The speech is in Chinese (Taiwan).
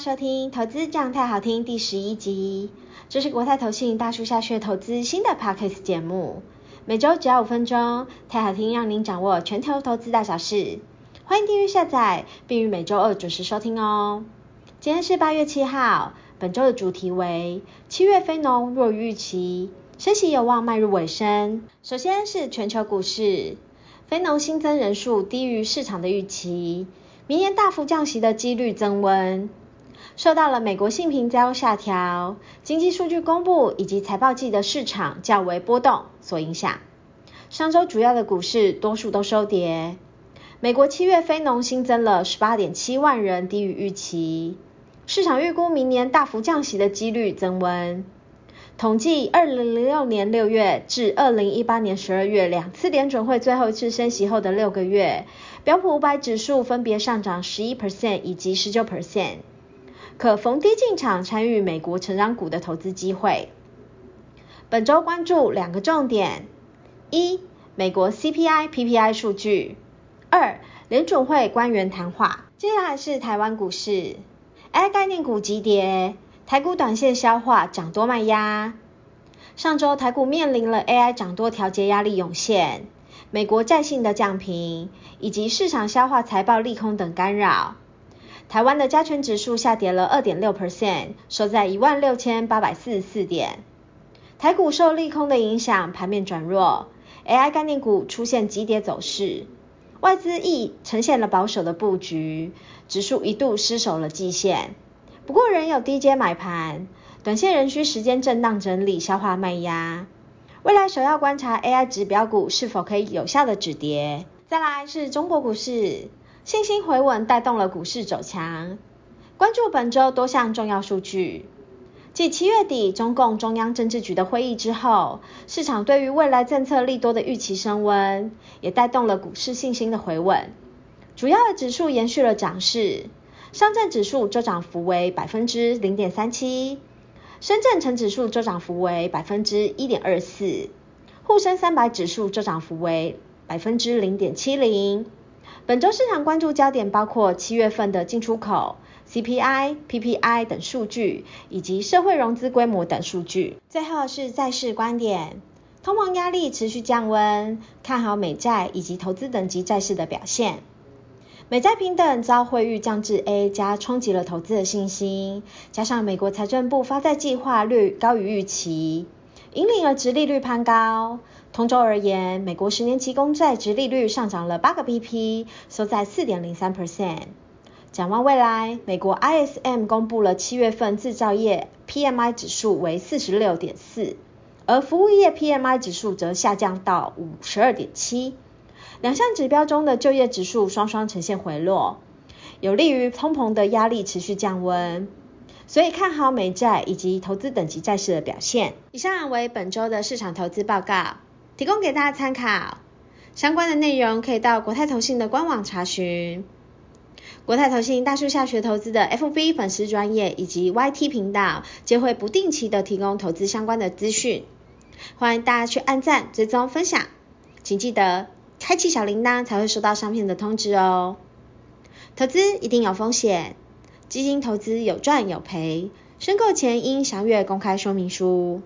收聽投資這樣泰好聽第十一集，這是國泰投信大樹下學投資新的 Podcast 節目，每周只要五分鐘，泰好聽讓您掌握全球投資大小事。歡迎訂閱下載，並於每周二準時收聽哦。今天是八月七號，本周的主題為七月非農弱於預期，升息有望邁入尾聲。首先是全球股市，非農新增人數低於市場的預期，明年大幅降息的幾率增溫。受到了美國信評、再度下調，經濟數據公布以及財報季的市場較為波動所影響。上周主要的股市多數都收跌。美國七月非農新增了十八點七萬人，低於預期。市場預估明年大幅降息的幾率增溫。統計二零零六年六月至二零一八年十二月兩次聯準會最後一次升息後的六個月，標普五百指數分別上漲十一%以及十九%。可逢低進場參與美國成長股的投資機會。本周關注兩個重點：一、美國 CPI、PPI 數據；二、聯準會官員談話。接下來是台灣股市，AI 概念股急跌，台股短線消化漲多賣壓。上周台股面臨了 AI 漲多調節壓力湧現、美國債信的降評以及市場消化財報利空等干擾。台灣的加權指數下跌了2.6%，收在16,844點。台股受利空的影響，盤面轉弱，AI 概念股出現急跌走勢，外資亦呈現了保守的布局，指數一度失守了季線，不過仍有低階買盤，短線仍需時間震盪整理消化賣壓。未來首要觀察 AI 指標股是否可以有效的止跌。再來是中國股市。信心回穩帶動了股市走強。關注本週多項重要數據。繼七月底中共中央政治局的會議之後，市場對於未來政策利多的預期升溫，也帶動了股市信心的回穩。主要的指數延續了漲勢，上證指數週漲幅為百分之零點三七，深圳成指數週漲幅為百分之一點二四，滬深三百指數週漲幅為百分之零點七零。本週市場關注焦點包括七月份的進出口、CPI、PPI 等數據，以及社會融資規模等數據。最後是債市觀點，通膨壓力持續降溫，看好美債以及投資等級債市的表現。美債評等遭惠譽降至 A 加，衝擊了投資的信心，加上美國財政部發債計劃略高於預期，引領了殖利率攀高。當週而言，美國十年期公債殖利率上漲了八個 BP，收在四點零三 percent。展望未來，美國 ISM 公布了七月份制造業 PMI 指數為四十六點四，而服務業 PMI 指數則下降到五十二點七，兩項指標中的就業指數雙雙呈現回落，有利於通膨的壓力持續降溫，所以看好美債以及投資等級債市的表現。以上為本周的市場投資報告。提供給大家參考，相關的內容可以到國泰投信的官網查詢。國泰投信大樹下學投資的 FB 粉絲專頁以及 YT 頻道，皆會不定期的提供投資相關的資訊，歡迎大家去按讚、追蹤、分享。請記得開啟小鈴鐺才會收到商品的通知哦。投資一定有風險，基金投資有賺有賠，申購前應詳閱公開說明書。